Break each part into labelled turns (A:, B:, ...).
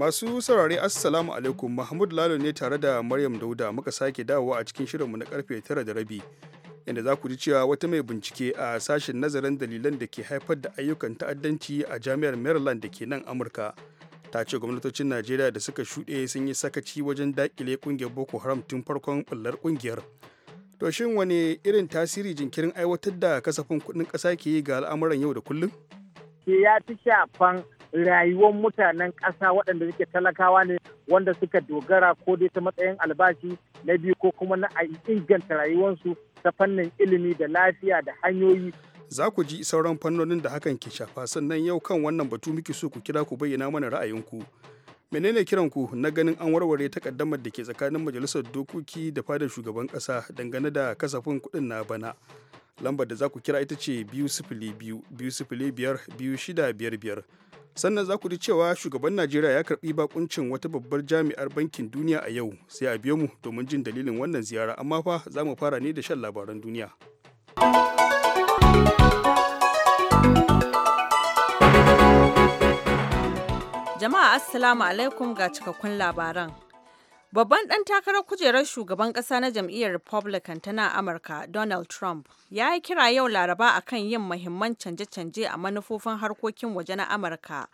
A: Masu saurare Assalamu alaikum Mahmud Lalo ne tare da Maryam Dauda muka sake dawowa a cikin shirinmu na karfe tara da rabi inda za ku ji cewa wata mai bincike a sashen nazarin dalilan da ke haifar da ayyukan ta'addanci a jami'ar Maryland da ke nan Amurka ta ce gwamnatocin Najeriya da suka shuɗe sun yi sakaci wajen daƙile ƙungiyar Boko Haram tun farkon ɓullar ƙungiyar. To shin wani irin tasiri jinkirin aiwatar da kasafin kuɗin ƙasa ke yi ga al'amuran yau da kullum?
B: Ya fi shafan rayuwar mutanen ƙasa waɗanda suke talakawa ne wanda suka dogara ko dai ta matsayin albashi na biyu ko kuma na a inganta rayuwarsu ta fannin ilimi da lafiya da hanyoyi
A: za ku ji sauran fannonin da hakan ke shafa sannan yau kan wannan batu muke so ku kira ku bayyana mana ra'ayinku menene kiranku na ganin an warware takaddamar da ke tsakanin majalisar dokoki da fadar shugaban ƙasa dangane da kasafin kuɗin na bana lambar da za ku kira ita ce biyu sifili biyu biyu sifili biyar biyu shida biyar biyar sannan za ku ji cewa shugaban najeriya ya karbi bakuncin wata babbar jami'ar bankin duniya a yau sai a biyo mu domin jin dalilin wannan ziyara amma fa za mu fara ne da shan labaran duniya
C: jama'a assalamu alaikum ga cikakkun labaran Babban ɗan takarar kujerar shugaban ƙasa na jam'iyyar Republican ta na Amurka, Donald Trump, ya yi kira yau Laraba a kan yin mahimman canje-canje a manufofin harkokin waje na Amurka,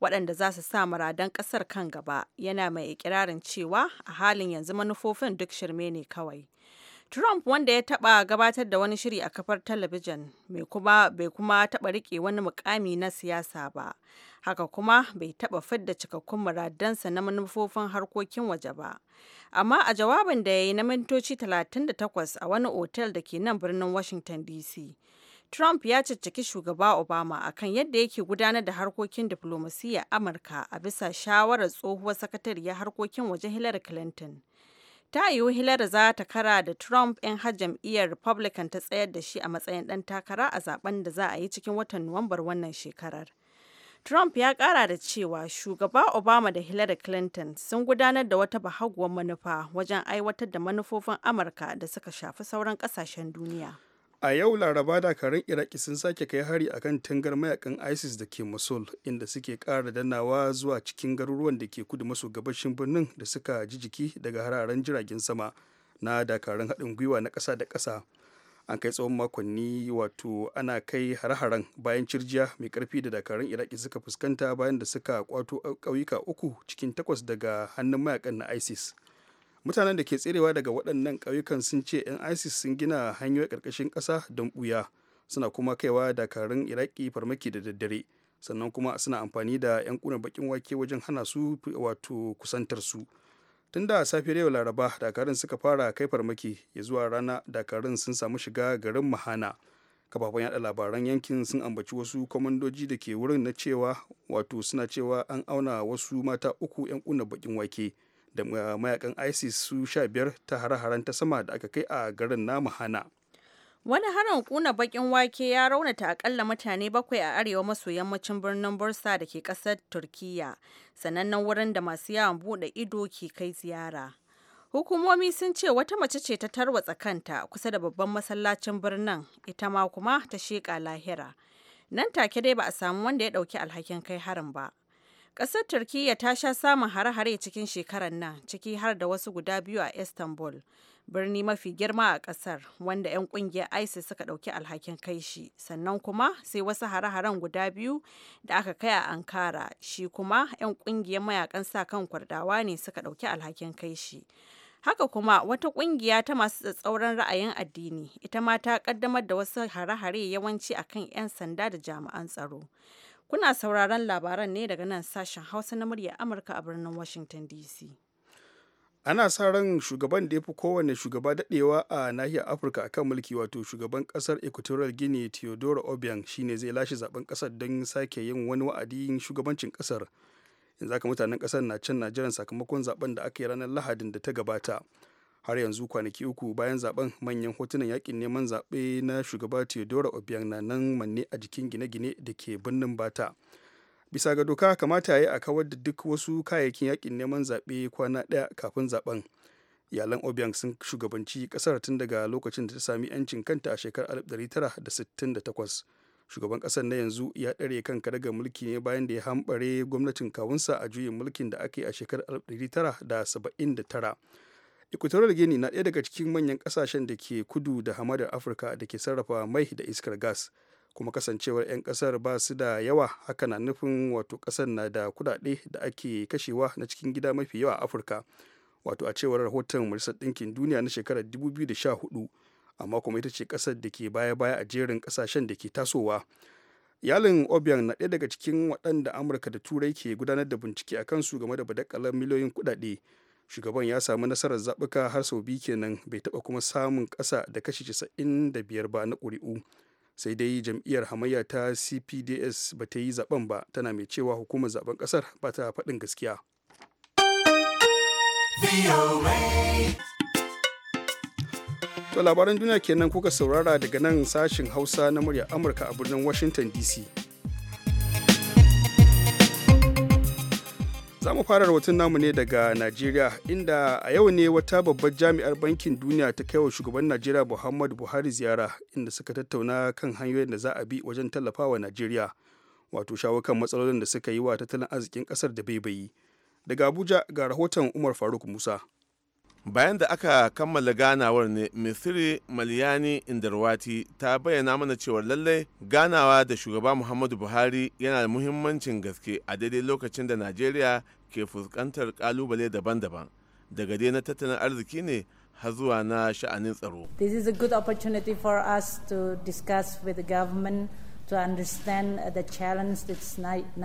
C: waɗanda za su sa maradan ƙasar kan gaba, yana mai ikirarin cewa a halin yanzu manufofin duk shirme ne kawai. Trump wanda ya taɓa gabatar da wani shiri a kafar talabijin, bai kuma taɓa riƙe wani muƙami na siyasa ba. haka kuma bai taɓa fidda cikakkun muradansa na manufofin harkokin waje ba. Amma a jawabin da ya yi na mintoci 38 a wani otel da ke nan birnin Washington DC, Trump ya cicciki shugaba Obama akan yadda yake gudanar da harkokin diflomasiyyar Amurka a bisa shawarar tsohuwar sakatariyar harkokin waje Hillary Clinton. ta yiwu Hillary za ta kara da Trump in har jam'iyyar Republican ta tsayar da shi a matsayin ɗan takara a zaben da za a yi cikin watan Nuwambar wannan shekarar. Trump ya kara da cewa Shugaba Obama da Hillary Clinton sun gudanar da wata bahaguwar manufa wajen aiwatar da manufofin Amurka da suka shafi sauran kasashen duniya.
A: A yau Laraba dakarun Iraki sun sake kai hari a kan tangar mayakan ISIS da ke Mosul inda suke ƙara danawa zuwa cikin garuruwan da ke kudu maso gabashin birnin da suka ji jiki daga hararen jiragen sama na dakarun haɗin gwiwa na ƙasa da ƙasa. an kai tsawon makonni wato ana kai har-haren bayan cirjiya mai karfi da dakarun iraki suka fuskanta bayan da suka kwato ƙauyuka uku cikin takwas daga hannun mayakan na isis mutanen da ke tserewa daga waɗannan ƙauyukan sun ce 'yan isis sun gina hanyoyi ƙarƙashin ƙasa don ɓuya suna kuma kaiwa dakarun iraki farmaki da daddare sannan kuma suna amfani da 'yan ƙunar bakin wake wajen hana su wato kusantar su tun da safiyar yau laraba dakarun suka fara kai farmaki ya zuwa rana dakarun sun samu shiga garin mahana kafafen yada labaran yankin sun ambaci wasu kwamandoji da ke wurin na cewa wato suna cewa an auna wasu mata uku 'yan kuna bakin wake da mayakan isis su sha biyar ta hare-haren ta sama da aka kai a garin na mahana
C: Wani harin kuna bakin wake ya raunata akalla mutane bakwai a arewa maso yammacin birnin Bursa da ke kasar Turkiyya, sanannen wurin da masu yawon bude ido ke kai ziyara. Hukumomi sun ce wata mace ce ta tarwatsa kanta kusa da babban masallacin birnin, ita ma kuma ta sheƙa lahira. Nan take dai ba a samu wanda ya ɗauki alhakin kai harin ba. Ƙasar Turkiyya ta sha samun hare-hare cikin shekarar nan, ciki har da wasu guda biyu a Istanbul. birni mafi girma a kasar wanda 'yan kungiyar isis suka dauki alhakin kai shi sannan kuma sai wasu hare-haren guda biyu da aka kai a ankara shi kuma 'yan kungiyar mayakan sa kan kwardawa ne suka dauki alhakin kai shi haka kuma wata kungiya ta masu tsatsauran ra'ayin addini ita ma ta kaddamar da wasu hare-hare yawanci akan 'yan sanda da jami'an tsaro kuna sauraron labaran ne daga nan sashen hausa na murya amurka a birnin washington dc
A: ana sa ran shugaban da ya fi kowane shugaba dadewa a nahiyar afirka akan mulki wato shugaban kasar equatorial guinea theodore obiang shine zai lashe zaben kasar don sake yin wani wa'adin shugabancin kasar yanzu haka mutanen kasar na can najeriya sakamakon zaben da aka yi ranar lahadin da ta gabata har yanzu kwanaki uku bayan zaben manyan hotunan yakin neman zaɓe na shugaba theodore obiang na nan manne a jikin gine-gine da ke birnin bata bisa ga doka kamata ya yi a kawar da duk wasu kayayyakin yakin neman zaɓe kwana ɗaya kafin zaɓen iyalan obiang sun shugabanci kasar tun daga lokacin da ta sami 'yancin kanta a shekarar 1968 shugaban ƙasar na yanzu ya ɗare kan daga mulki ne bayan da ya hambare gwamnatin kawunsa a juyin mulkin da aka yi a shekarar 1979 equatorial guinea na ɗaya daga cikin manyan ƙasashen da ke kudu da hamadar afirka da ke sarrafa mai da iskar gas kuma kasancewar 'yan kasar ba su da yawa haka na nufin wato kasar na da kudade da ake kashewa na cikin gida mafi yawa a afirka wato a cewar rahoton majalisar ɗinkin duniya na shekarar 2014 amma kuma ita ce kasar da ke baya-baya a jerin kasashen da ke tasowa iyalin obiang na ɗaya daga cikin waɗanda amurka da turai ke gudanar da bincike a kansu game da badakalar miliyoyin kuɗaɗe shugaban ya samu nasarar zaɓuka har sau biyu kenan bai taɓa kuma samun ƙasa da kashi 95 ba na ƙuri'u sai dai jam'iyyar hamayya ta cpds ba ta yi zaben ba tana mai cewa hukumar zaben kasar ba ta faɗin gaskiya to labaran duniya kenan kuka saurara daga nan sashin hausa na murya amurka a birnin washington dc za mu fara rahoton namu ne daga najeriya inda a yau ne wata babbar jami'ar bankin duniya ta kai wa shugaban najeriya muhammadu buhari ziyara inda suka tattauna kan hanyoyin da za a bi wajen tallafa wa najeriya wato shawo kan matsalolin da suka yi wa tattalin arzikin kasar da bayi daga abuja ga rahoton umar faruk musa
D: bayan da aka kammala ganawar ne misiri maliyani indarwati ta bayyana mana cewar lallai ganawa da shugaba muhammadu buhari yana da muhimmancin gaske a daidai lokacin da najeriya ke fuskantar kalubale daban-daban daga dai na tattalin arziki ne har zuwa na sha'anin tsaro
E: this good opportunity for us to discuss with the to understand uh, the challenge that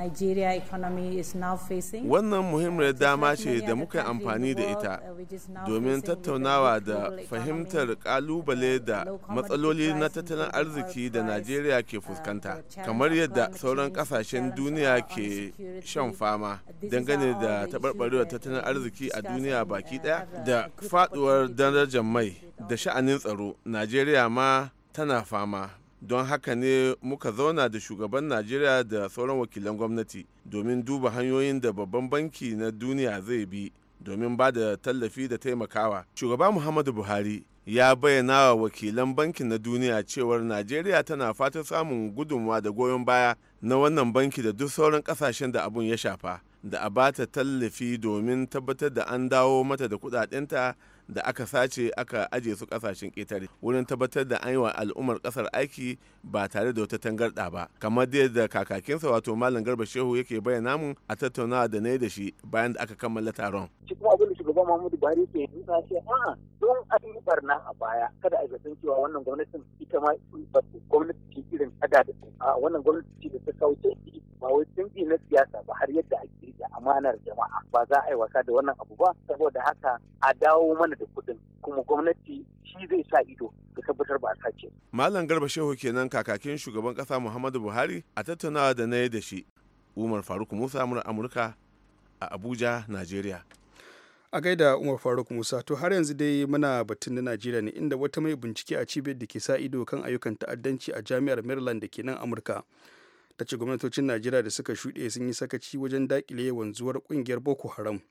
E: Nigeria economy is now facing.
D: Wannan muhimmiyar dama ce da muka amfani da ita uh, domin tattaunawa da fahimtar uh, kalubale da matsaloli na tattalin arziki da Najeriya ke fuskanta, kamar yadda sauran kasashen duniya ke shan fama dangane da taɓarɓarewar tattalin arziki a duniya baki ɗaya da faɗuwar darajar mai da sha'anin tsaro, Najeriya ma tana fama. don haka ne muka zauna da shugaban najeriya da sauran wakilan gwamnati domin duba hanyoyin da babban banki na duniya zai bi domin ba da tallafi da taimakawa shugaba muhammadu buhari ya bayyana wa wakilan bankin na duniya cewar najeriya tana fatan samun gudunmawa da goyon baya na wannan banki da duk sauran kasashen da abun ya shafa da a bata tallafi domin tabbatar da an dawo mata da kudadenta da aka sace aka aje su kasashen ƙetare wurin tabbatar da an yi wa al'ummar ƙasar aiki ba tare da wata tangarɗa ba kamar dai da kakakinsa wato malam garba shehu yake bayyana mu a tattaunawa da na yi da shi bayan da aka kammala taron.
B: cikin abin da shugaban muhammadu buhari ke yi na ce a'a don an yi barna a baya kada a zaton cewa wannan gwamnatin ita ma gwamnati ce irin da a wannan gwamnati ce da ta kauce ba wai canji na siyasa ba har yadda ake da amanar jama'a ba za a yi wasa da wannan abu ba saboda haka a dawo mana da kuɗin kuma gwamnati shi zai sa ido da tabbatar ba a sace.
D: Malam Garba Shehu kenan kakakin shugaban kasa Muhammadu Buhari a tattaunawa da na yi da shi Umar Faruk Musa Amurka a Abuja, Najeriya. a gaida
A: umar faruk musa to har yanzu dai muna batun na najeriya ne inda wata mai bincike a cibiyar da ke sa ido kan ayyukan ta'addanci a jami'ar maryland da ke nan amurka ta ce gwamnatocin najeriya da suka shuɗe sun yi sakaci wajen daƙile wanzuwar ƙungiyar boko haram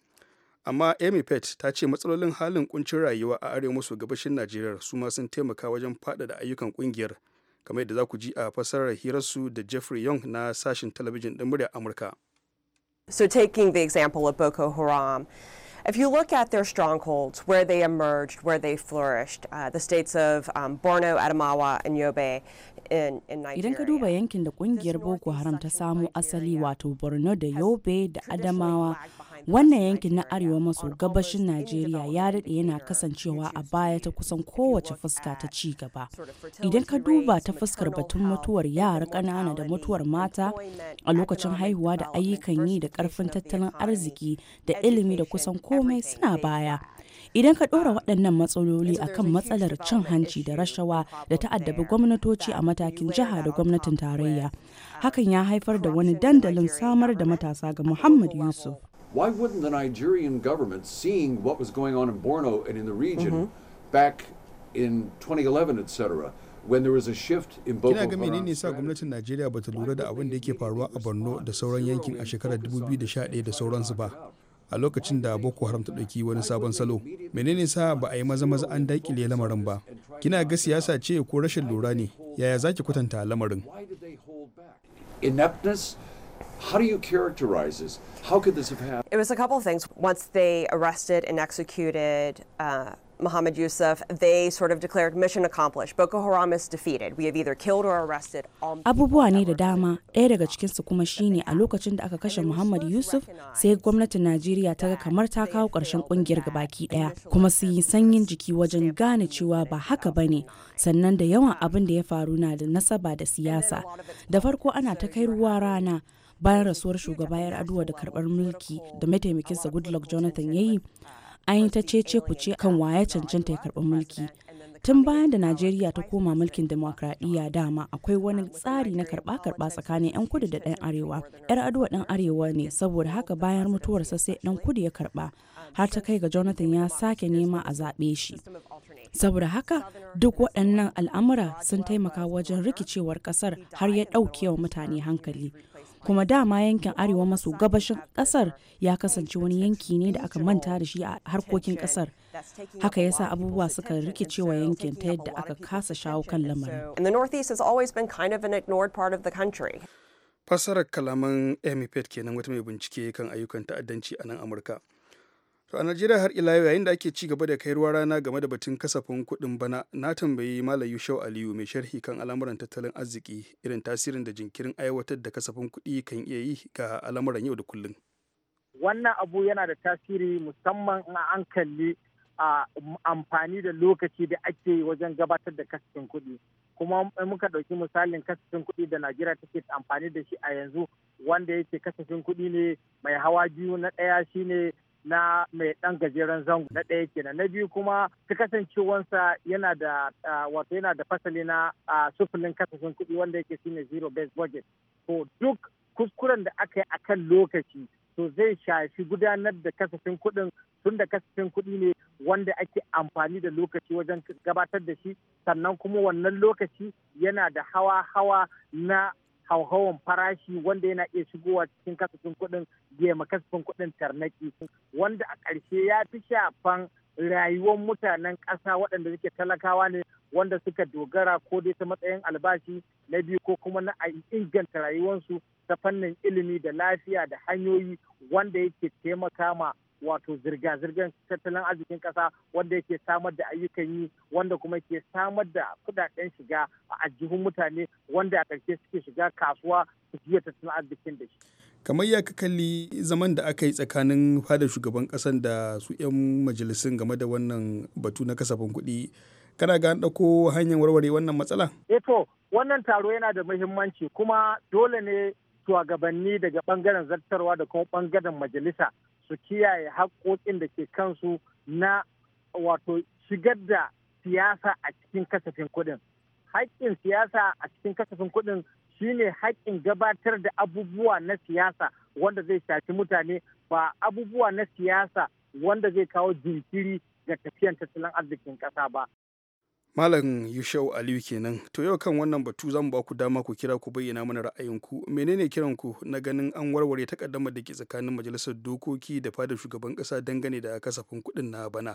A: amma amy pet ta ce matsalolin halin kuncin rayuwa a arewa maso gabashin najeriya su ma sun taimaka wajen faɗaɗa ayyukan ƙungiyar kamar yadda za ku ji a hirarsu da jeffrey young na sashen talabijin ɗin murya amurka
C: so taking the example of boko haram If you look at their strongholds, where they emerged, where they flourished, uh, the states of um, Borno, Adamawa, and Yobe, Idan ka duba
E: yankin da kungiyar Boko Haram ta samo asali wato Borno da Yobe da Adamawa, wannan yankin na arewa maso gabashin Najeriya ya daɗe yana kasancewa a baya ta kusan kowace fuska ta ci gaba. Idan ka duba ta fuskar batun mutuwar yara ƙanana da mutuwar mata a lokacin haihuwa da ayyukan yi da ƙarfin tattalin arziki da ilimi da kusan komai suna baya. Idan ka ɗora waɗannan matsaloli a kan matsalar cin hanci da rashawa da ta'addabi gwamnatoci a matakin jiha da gwamnatin tarayya, uh, hakan ya haifar da wani dandalin samar da matasa ga Muhammad Yusuf. Why wouldn't the Nigerian government, seeing was going Borno the region mm -hmm. back in 2011, etc., a Kina ga menene
A: sa gwamnatin Najeriya bata lura da abin da yake faruwa a Borno da sauran yankin a shekarar 2011 da sauransu ba. a lokacin da boko haram ta ɗauki wani sabon salo menene sa ba a yi maza maza an daƙile lamarin ba kina ga siyasa ce ko rashin lura ne yaya zaki kwatanta lamarin ineptness
E: How do you characterize this? How could this have happened?
C: It was a couple of things. Once they arrested and executed uh, Mohammed Yusuf, they sort of declared mission accomplished. Boko Haram is defeated. We have either killed or arrested all
E: Abubuwa ne da dama. Ɗaya daga cikinsu kuma shine a lokacin da aka kashe Muhammad Yusuf sai gwamnatin Najeriya ta ga kamar ta kawo ƙarshen ƙungiyar gabaki ɗaya kuma su yi sanyin jiki wajen gane cewa ba haka ba ne sannan da yawan abin da ya faru na da nasaba da siyasa. Da farko ana ta kai ruwa rana bayan rasuwar shugaba 'yar aduwa da karɓar mulki da mataimakinsa Goodluck Jonathan ya yi uh, an yi ta cece kuce kan waya cancanta ya karɓi mulki tun bayan da najeriya ta koma mulkin demokradiyya dama akwai wani tsari na karɓa karba tsakanin 'yan kudu da ɗan arewa yar aduwa ɗan arewa ne saboda haka bayan mutuwarsa sai ɗan kudu ya karɓa har ta kai ga jonathan ya sake nema a zaɓe shi saboda haka duk waɗannan al'amura sun taimaka wajen rikicewar ƙasar har ya ɗauke wa mutane hankali kuma dama yankin arewa maso gabashin kasar ya kasance wani yanki ne da aka manta da shi a harkokin kasar haka yasa abubuwa suka rikicewa yankin ta yadda aka kasa shawo kan lamarin
A: fassarar kalaman amy pet kenan wata mai bincike kan ayyukan ta'addanci a nan amurka To a Najeriya har ila yayin da ake ci gaba da kai ruwa rana game da batun kasafin kuɗin bana na tambayi Malam Yushau Aliyu mai sharhi kan al'amuran tattalin arziki irin tasirin da jinkirin aiwatar da kasafin kuɗi kan iya yi ga al'amuran yau da kullum.
B: Wannan abu yana da tasiri musamman a an kalli a amfani da lokaci da ake wajen gabatar da kasafin kuɗi. Kuma muka ɗauki misalin kasafin kuɗi da Najeriya take amfani da shi a yanzu wanda yake kasafin kuɗi ne mai hawa biyu na ɗaya shine na mai ɗan gajeren zango na ɗaya kenan na biyu kuma ta kasancewansa yana da wato yana da fasali na sufulin kasafin kuɗi wanda yake shine zero based budget to duk kuskuren da aka yi akan lokaci to zai shafi gudanar da kasafin kuɗin tun da kasafin kuɗi ne wanda ake amfani da lokaci wajen gabatar da shi sannan kuma wannan lokaci yana da hawa-hawa na hauhawan farashi wanda yana iya shigowa cikin kasafin kuɗin gema kasafin kuɗin tarnaki wanda a ƙarshe ya fi shafan rayuwar mutanen ƙasa waɗanda suke talakawa ne wanda suka dogara ko dai ta matsayin albashi na biyu ko kuma na a inganta rayuwarsu ta fannin ilimi da lafiya da hanyoyi wanda yake taimaka ma wato zirga-zirgar tattalin arzikin ƙasa wanda yake samar da ayyukan yi wanda kuma ke samar da kudaden shiga a ajihun mutane wanda a ƙarshe suke shiga kasuwa su jiya tattalin arzikin da shi.
A: kamar ya kalli zaman da aka yi tsakanin fada shugaban kasan da su 'yan majalisun game da wannan batu na kasafin kuɗi kana ga ɗauko hanyar warware wannan matsala?
B: eto eh wannan taro yana da muhimmanci kuma dole ne shugabanni daga bangaren zartarwa da kuma bangaren majalisa su kiyaye haƙoƙin da ke kansu na wato shigar da siyasa a cikin kasafin kuɗin haƙƙin siyasa a cikin kasafin kuɗin shine haƙƙin gabatar da abubuwa na siyasa wanda zai shafi mutane ba abubuwa na siyasa wanda zai kawo jinkiri ga tafiyan tattalin arzikin ƙasa ba.
A: Malam Yushau Aliyu kenan. To yau kan wannan batu zan ba ku dama ku kira ku bayyana mana ra'ayinku. Menene kiranku na ganin an warware taƙaddamar da ke tsakanin majalisar dokoki da fadar shugaban ƙasa dangane da kasafin kuɗin na bana?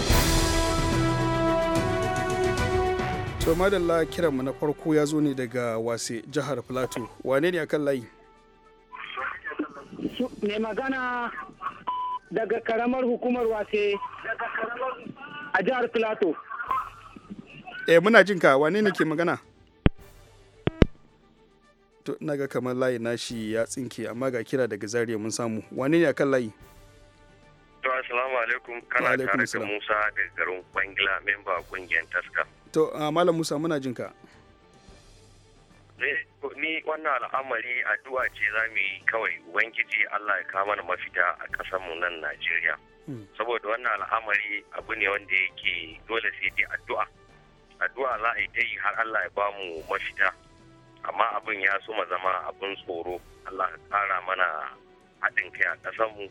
A: to madalla kiranmu na farko ya zo ne daga wase jihar plateau wane ne akan layi
B: mai magana daga karamar hukumar wase a jihar plateau
A: eh muna jin ka wane ne ke magana to ina ga kamar layi nashi ya tsinke amma ga kira daga zariya mun samu wane ne akan layi
B: to assalamu alaikum kana tare da Musa daga garin Kwangila memba kungiyar Taska
A: to ah, malam musa muna jin ka
B: eh, ni wannan al'amari addu'a ce za mu yi kawai ubangiji allah ya kama mana mafita a ƙasarmu nan najeriya hmm. saboda wannan al'amari abu ne wanda yake dole sai dai addu'a addu'a za a yi ta yi har allah ya ba mu mafita amma abin ya suma zama abin tsoro allah ka kara mana haɗin kai a ƙasarmu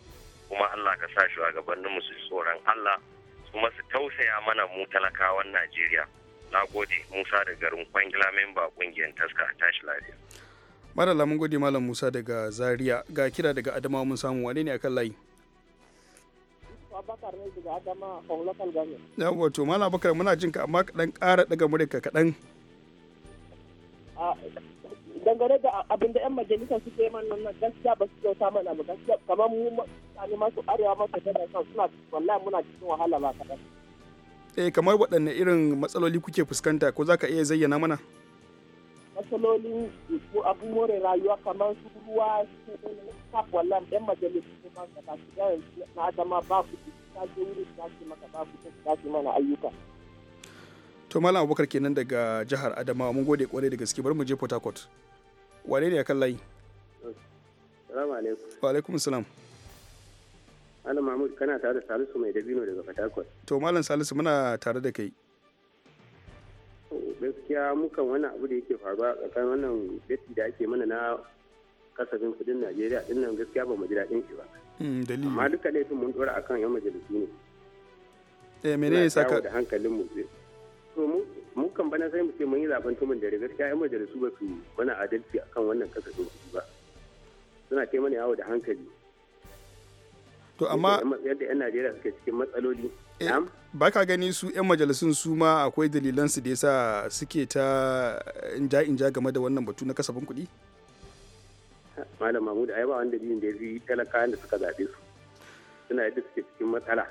B: kuma allah ka sa shugabanninmu su tsoron allah kuma su tausaya mana mu talakawan najeriya na gode musa da garin kwangila memba kungiyar taska tashi lafiya
A: mara mun gode malam musa daga zaria ga kira daga adamawa mun samu wane ne akan layi
B: yawon ne daga adama
A: malam muna jin ka amma kaɗan ƙara daga murika kaɗan
B: dangane da abin da 'yan majalisa su ke man nan gaskiya ba su kyauta mana mu gaskiya kamar mu ma su arewa masu gaba suna wallahi muna cikin wahala ba kaɗan
A: eh kamar waɗanne irin matsaloli kuke fuskanta ko za ka iya zayyana mana
B: matsalolin abu more rayuwa kamar su ruwa su kafwalan yan majalisu kuma da ba su gaya na adama ba ku ta je wuri ta ce maka ba ku ta ce mana ayyuka
A: to malam abubakar kenan daga jihar adamawa mun gode kwarai da gaske bari mu je port harcourt wane ne ya kan layi
B: salamu alaikum
A: wa alaikum salam
B: Malam Mahmud kana tare da Salisu mai dabino daga Fatakwal.
A: To Malam Salisu muna tare da kai.
B: Gaskiya mukan wannan abu da yake faruwa tsakanin wannan beti da ake mana na kasafin kudin Najeriya din nan gaskiya ba mu ji daɗin shi ba.
D: Hmm, dalili. Amma
B: duka laifin mun dora akan yan majalisu ne. Eh ne saka da hankalin mu To mu mu kan bana sai mu ce mun yi zaben tumin dare gaskiya yan majalisu ba su mana adalci akan wannan kasafin kudi ba. Suna ce mana yawo da hankali. to amma yadda yan najeriya suke cikin matsaloli eh,
A: ba ka gani su 'yan majalisun su ma akwai dalilansu da yasa suke ta eh, inja-inja game da wannan batu na kasafin kuɗi?
B: malam mahmud ai ba wanda biyun da ya fi da suka zaɓe su suna yadda suke cikin matsala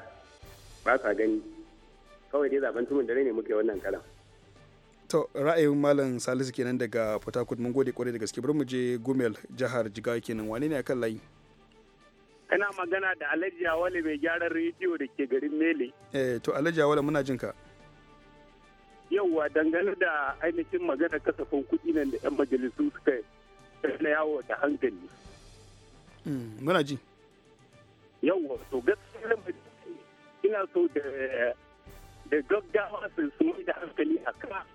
B: ba ka gani kawai dai zaben tumin dare ne muke wannan kalan
A: to ra'ayin malam salisu kenan daga port harcourt mun gode kwarai da gaske bari mu je gumel jihar jigawa kenan wane ne akan layi
B: Kana magana da Alhaji Awale mai gyaran rediyo da ke garin Mele.
A: Eh to Alhaji Awale muna jin ka.
B: Yauwa dangane da ainihin magana kasafin kuɗi nan da 'yan majalisu suka na yawo da hankali.
A: Hmm, muna ji.
B: Yauwa to gaskiya ina so da da gaggawa su mai da hankali a kan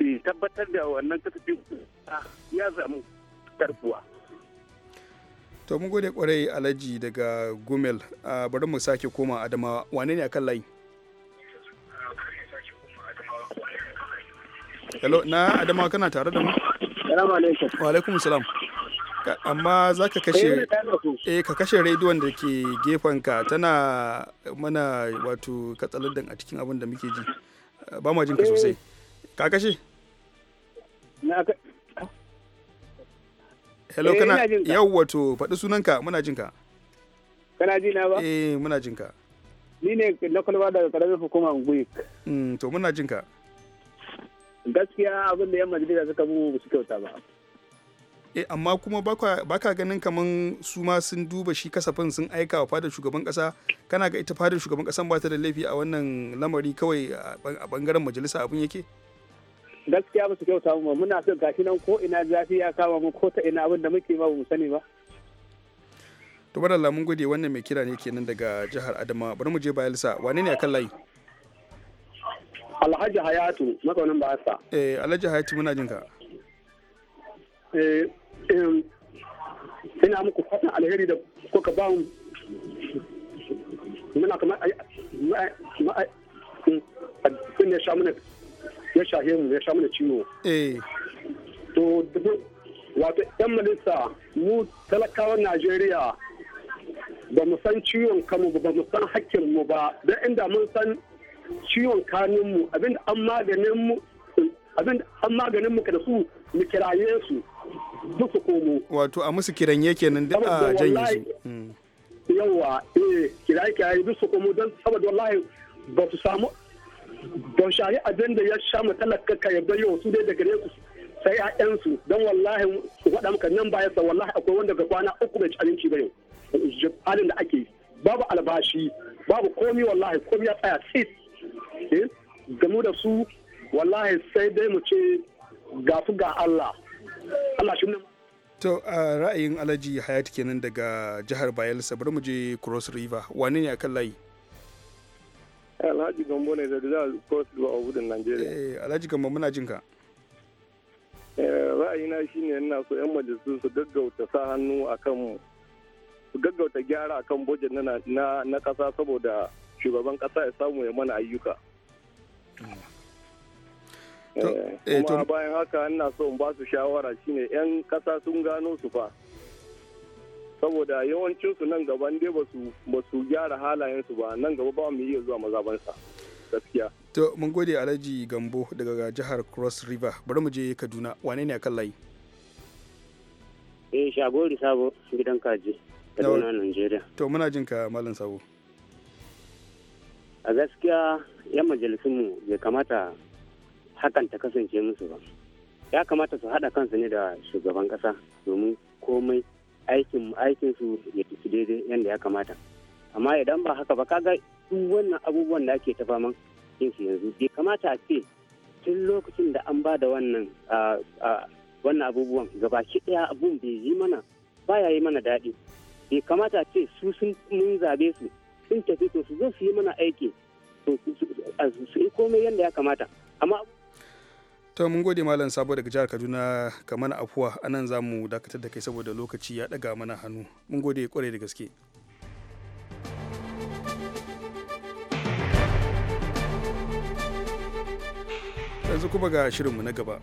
B: su tabbatar da wannan kasafin ya zama karbuwa.
A: to mun gode kwarai alhaji daga gumel bari mu sake koma adama wane ne akan layi hello na adama kana tare da mu wa alaikum salam amma za ka kashe eh, eh ka kashe rediyon da ke gefenka tana mana wato katsalandan a cikin abin da muke ji ba ma ka eh. sosai ka kashe hello eh, kana yau wato faɗi sunanka muna jinka kana ji na ba eh muna jinka
B: ni ne na kwalba daga karamin hukumar guik
A: mm to muna jinka
B: gaskiya abin da yan majalisa suka mu su kyauta ba
A: eh amma kuma baka ganin kaman su ma sun duba shi kasafin sun aika wa fadar shugaban kasa kana ga ita fadar shugaban kasan ba ta da laifi a wannan lamari kawai a bangaren majalisa abin yake
B: gaskiya ba su kyauta mu muna son gashi nan ko ina zafi ya kama mu ko ta ina abin da muke ba mu sani ba
A: to bada lamun gode wannan mai kira ne kenan daga jihar Adamawa bari mu je Bayelsa wane ne akan layi
B: Alhaji Hayatu mazaunin Bayelsa
A: eh Alhaji Hayatu muna jin ka eh
B: ina muku fatan alheri da kuka ba mu muna kamar ma'aikatan mm, ne sha mana ya shahe mu ya sha mana ciwo eh. to wato ɗan majalisa mu talakawan najeriya ba mu san ciwon kanmu ba mu san hakkin mu ba don inda mun san ciwon kanin mu abinda an maganin mu abinda an maganin mu da su mu kiraye su
A: duk su komo wato a musu kiranye nan duk a janye su
B: hmm. yawa eh kiraye kiraye duk su komo don saboda wallahi ba su samu don shari abin da ya sha mu talaka ka yarda yau su dai da gare ku sai a yansu don wallahi su faɗa maka nan baya sa wallahi akwai wanda ga kwana uku bai ci abinci ba yau halin da ake babu albashi babu komi wallahi komi ya tsaya tsit eh, gamu da su wallahi sai dai mu ce gafu ga Allah Allah shi ne
A: to ra'ayin alhaji hayati kenan daga jihar bayelsa bari mu je cross river wane ne akan layi
B: Eh, Alhaji Gambo ne da Rizal Kosil ba wudin Najeriya.
A: Eh, Alhaji Gambo muna jin ka.
B: Eh, ra'ayina shi ne yana so 'yan majalisu su gaggauta sa hannu a kan su gaggauta gyara a kan bojan na ƙasa saboda shugaban ƙasa ya samu ya mana ayyuka. Eh, kuma bayan haka ina so in ba su shawara shine 'yan ƙasa sun gano su fa. saboda yawancinsu nan gaba dai ba su gyara halayensu ba nan gaba ba mu iya zuwa mazabansa gaskiya
A: to mun gode alhaji gambo daga jihar cross river bari mu je kaduna wane ne akan layi
B: eh shagori sabo gidan kaji kaduna nigeria
A: to muna jin ka malam sabo
B: a gaskiya yan mu bai kamata hakan ta kasance musu ba ya kamata su hada kansu ne da shugaban kasa domin komai aikin aikin su ya tafi daidai yadda ya kamata amma idan ba haka ba kaga duk wannan abubuwan da ake ta fama yin su yanzu bai kamata a ce tun lokacin da an ba da wannan wannan abubuwan gabaki daya abun bai yi mana baya yi mana daɗi bai kamata a ce su sun mun zabe su sun tafi to su zo su yi mana aiki su yi komai yadda ya kamata amma
A: to mun gode malam sabo daga jihar kaduna kamar afuwa a nan za mu dakatar da kai saboda lokaci ya daga mana hannu mun gode kwarai da gaske yanzu kuma ga shirinmu na gaba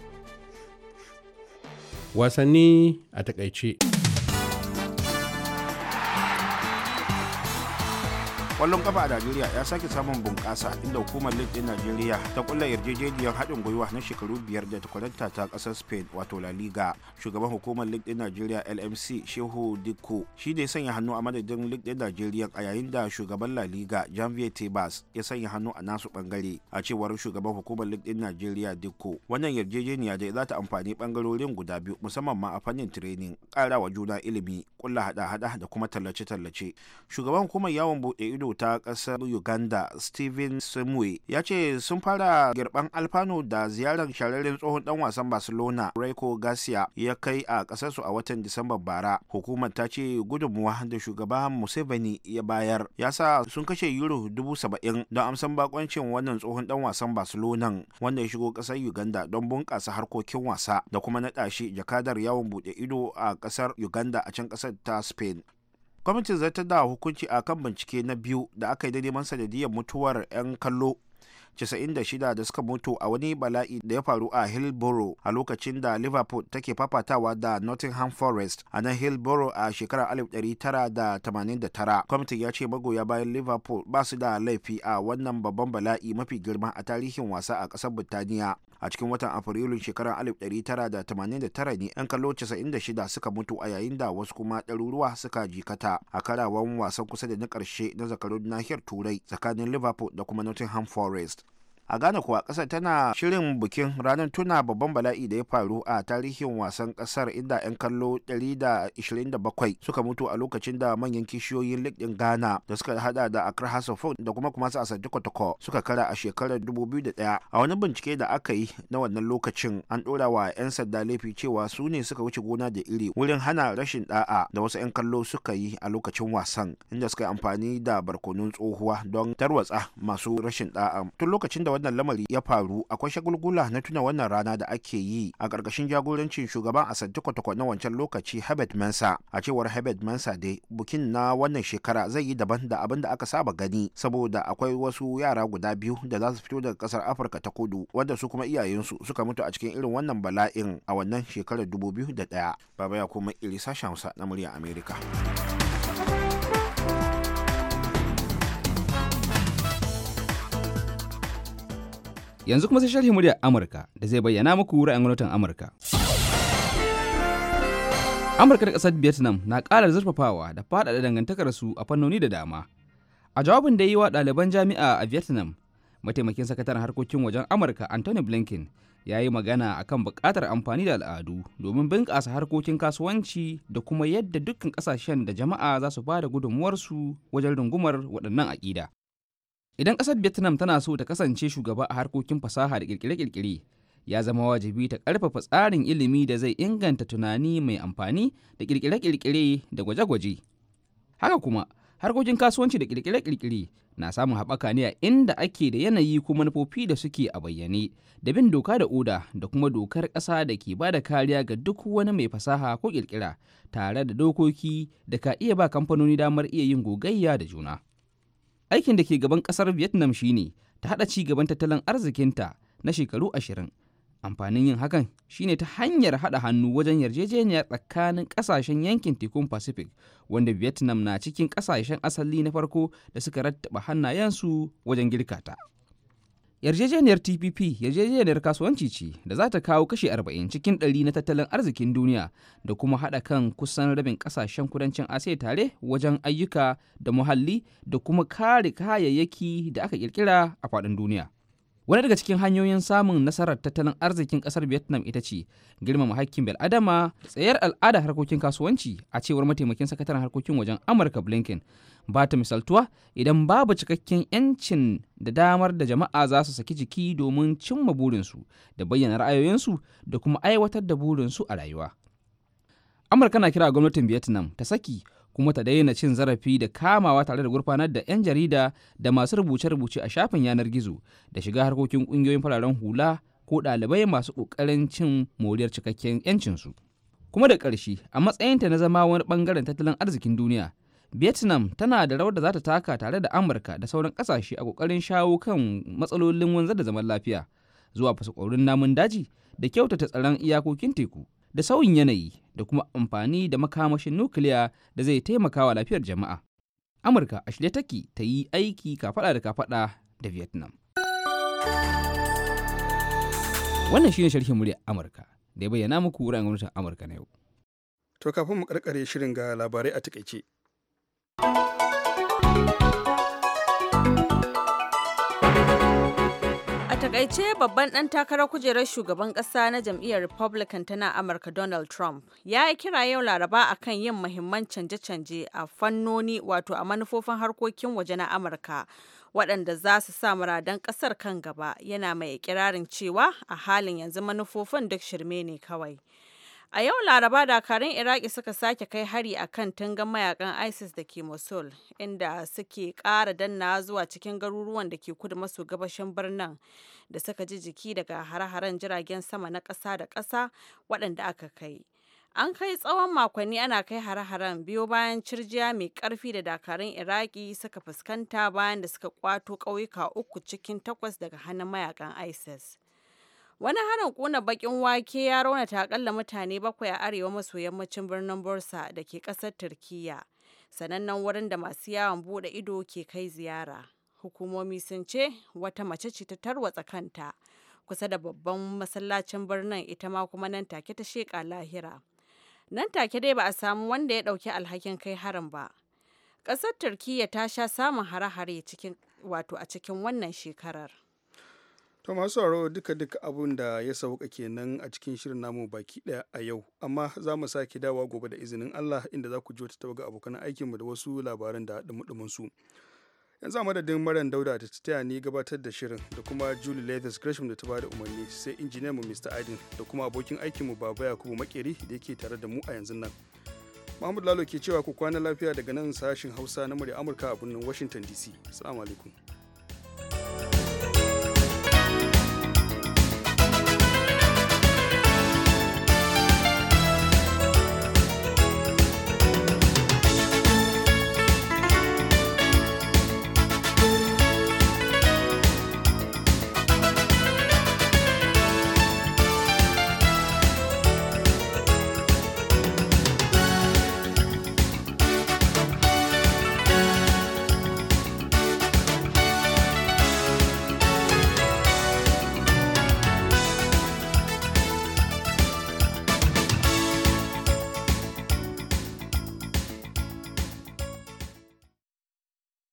A: wasanni a takaice
F: kwallon kafa a najeriya ya sake samun bunƙasa inda hukumar league ɗin najeriya ta kulla yarjejeniyar haɗin gwiwa na shekaru biyar da ta takwaranta ta ƙasar spain wato la liga shugaban hukumar league din najeriya lmc shehu dikko shi ne sanya hannu a madadin league din najeriya a yayin da shugaban la liga janvier tebas ya sanya hannu a nasu bangare a cewar shugaban hukumar league din najeriya dikko wannan yarjejeniya da za ta amfani bangarorin guda biyu musamman ma a fannin training ƙara wa juna ilimi kulla hada-hada da kuma tallace-tallace shugaban hukumar yawon buɗe ido ta kasar uganda steven simwe ya ce sun fara girban alfano da ziyarar shararren tsohon dan wasan barcelona reiko garcia ya kai a kasarsu a watan disamba bara hukumar ta ce gudunmuwa da shugaban museveni ya bayar ya sa sun kashe euro dubu saba'in don amsan bakoncin wannan tsohon dan wasan barcelona wanda ya shigo kasar uganda don bunƙasa harkokin wasa da kuma naɗa shi jakadar yawon buɗe ido a kasar uganda a can kasar ta spain kwamitin ta da hukunci a kan bincike na biyu da aka yi da neman sanadiyar mutuwar 'yan kallo 96 da suka mutu a wani bala'i da ya faru a hillborough a lokacin da liverpool take fafatawa da nottingham forest a nan hillborough a shekarar 1989 kwamitin ya ce magoya bayan liverpool ba su da laifi a wannan babban bala'i mafi girma a tarihin wasa a ƙasar birtaniya a cikin watan afrilun shekarar 1989 ne 'yan kallo 96 suka mutu a yayin da wasu kuma ɗaruruwa suka jikata a karawan wasan kusa da na ƙarshe na zakarun nahiyar turai tsakanin liverpool da kuma nottingham forest a ghana kuwa kasar tana shirin bikin ranar tuna babban bala'i da ya faru a tarihin wasan kasar inda 'yan kallo 127 suka mutu a lokacin da manyan kishiyoyin lig ghana da suka hada da accra house da kuma kuma sa kotoko suka kara a shekarar 2001 a wani bincike da aka yi na wannan lokacin an dora wa 'yan sanda laifi cewa su ne suka wuce gona da iri wurin hana rashin da'a da wasu 'yan kallo suka yi a lokacin wasan inda suka yi amfani da barkonun tsohuwa don tarwatsa masu rashin da'a tun lokacin da wannan lamari ya faru akwai shagulgula na tuna wannan rana da ake yi a ƙarƙashin jagorancin shugaban santi kwatakwa na wancan lokaci herbert mensa a cewar herbert mensa dai bukin na wannan shekara zai yi daban da abin da aka saba gani saboda akwai wasu yara guda biyu da za su fito daga ƙasar afirka ta kudu wanda su kuma iyayensu suka mutu a cikin irin wannan bala'in a wannan shekarar 2001 baba ya kuma iri sashen hausa na murya amerika Yanzu
G: kuma sai sharhi muryar Amurka da zai bayyana muku ra'ayin gwamnatin Amurka. Amurka da ƙasar Vietnam na ƙara zurfafawa da faɗaɗa dangantakar su a fannoni da dama. A jawabin da yi wa ɗaliban jami'a a Vietnam, mataimakin sakataren harkokin wajen Amurka Anthony Blinken ya yi magana a kan buƙatar amfani da al'adu domin bunƙasa harkokin kasuwanci da kuma yadda dukkan ƙasashen da jama'a za su ba da gudunmuwarsu wajen rungumar waɗannan aƙida. Idan ƙasar Vietnam tana so ta kasance shugaba a harkokin fasaha da kirkire-kirkire ya zama wajibi ta ƙarfafa tsarin ilimi da zai inganta tunani mai amfani da kirkire-kirkire da gwaje-gwaje. Haka kuma, harkokin kasuwanci da kirkire-kirkire na samun haɓaka ne a inda ake da yanayi ko manufofi da suke a bayyane, da bin doka da oda da kuma dokar ƙasa da ke ba da kariya ga duk wani mai fasaha ko ƙirƙira, tare da dokoki da ka iya ba kamfanoni damar iya yin gogayya da juna. aikin da ke gaban kasar vietnam shine ta hada ci gaban tattalin arzikinta na shekaru ashirin amfanin yin hakan shine ta hanyar hada hannu wajen yarjejeniya tsakanin kasashen yankin tekun pacific wanda vietnam na cikin kasashen asali na farko da suka rattaba hannayensu wajen girkata. yarjejeniyar tpp yarjejeniyar kasuwanci ce da za ta kawo kashi 40 cikin 100 na tattalin arzikin duniya da kuma haɗa kan kusan rabin ƙasashen kudancin asiya tare wajen ayyuka da muhalli da kuma kare kayayyaki da aka ƙirƙira a faɗin duniya wani daga cikin hanyoyin samun nasarar tattalin arzikin kasar vietnam ita ce girmama hakkin bil'adama tsayar al'ada harkokin kasuwanci a cewar mataimakin sakataren harkokin wajen amurka blinken ba ta misaltuwa idan babu cikakken 'yancin da damar da jama'a za su saki jiki domin cimma burinsu da bayyana ra'ayoyinsu da kuma aiwatar da burinsu a rayuwa amurka na kira gwamnatin vietnam ta saki kuma ta daina cin zarafi da kamawa tare da gurfanar da 'yan jarida da masu rubuce-rubuce a shafin yanar gizo da shiga harkokin ƙungiyoyin fararen hula ko ɗalibai masu ƙoƙarin cin moriyar cikakken 'yancinsu. Kuma da ƙarshe, a matsayinta na zama wani ɓangaren tattalin arzikin duniya, Vietnam tana da rawar da za ta taka tare da Amurka da sauran ƙasashe a ƙoƙarin shawo kan matsalolin wanzar da zaman lafiya zuwa fasakorin namun daji da kyautata tsaron iyakokin teku. da sauyin yanayi da kuma amfani da makamashin nukiliya da zai taimaka wa lafiyar jama'a. Amurka a shirye take ta yi aiki kafaɗa da kafaɗa da Vietnam. Wannan shi ne sharhin muryar Amurka da ya bayyana muku ra'ayin gwamnatin Amurka na yau.
A: To kafin mu karkare shirin ga labarai a takaice.
C: takaice babban ɗan takarar kujerar shugaban ƙasa na jam'iyyar Republican tana Amurka Donald Trump ya yi kira yau Laraba a kan yin mahimman canje-canje a fannoni wato a manufofin harkokin waje na Amurka waɗanda za su sa muradan ƙasar kan gaba yana mai ikirarin cewa a halin yanzu manufofin duk shirme ne kawai. A yau Laraba dakarun Iraki suka sake kai hari a kan tangan mayakan ISIS da ke Mosul, inda suke ƙara danna zuwa cikin garuruwan da ke kudu maso gabashin birnin da suka ji jiki daga hare-haren jiragen sama na ƙasa da ƙasa waɗanda aka kai. An kai tsawon makonni ana kai hare-haren biyo bayan cirjiya mai ƙarfi da dakarun Iraki suka fuskanta bayan da suka kwato ƙauyuka uku cikin takwas daga hannun mayakan ISIS. Wani harin kuna bakin wake ya raunata akalla mutane bakwai a arewa maso yammacin birnin Bursa da ke kasar Turkiyya, sanannen wurin da masu yawon bude ido ke kai ziyara. Hukumomi sun ce wata mace ce ta tarwatsa kanta kusa da babban masallacin birnin ita ma kuma nan take ta sheka lahira. Nan take dai ba a samu wanda ya ɗauki alhakin kai harin ba. Ƙasar Turkiyya ta sha samun hare-hare cikin wato a cikin wannan shekarar.
A: To masu sauraro duka-duka abun da ya sauka kenan a cikin shirin namu baki daya a yau, amma za mu sake dawa gobe da izinin Allah inda za ku ji wata tawaga abokan aikinmu da wasu labaran da dumudumin su. Yanzu a madadin maran Dauda ta taya ni gabatar da shirin da kuma Julie Leathers Gresham da ta bada umarni sai injiniyanmu Mr. Aidin da kuma abokin aikinmu Baba Yakubu Makeri da yake tare da mu a yanzu nan. Mahmud Lalo ke cewa ku kwana lafiya daga nan sashin Hausa na murya Amurka a birnin Washington DC. Assalamu alaikum.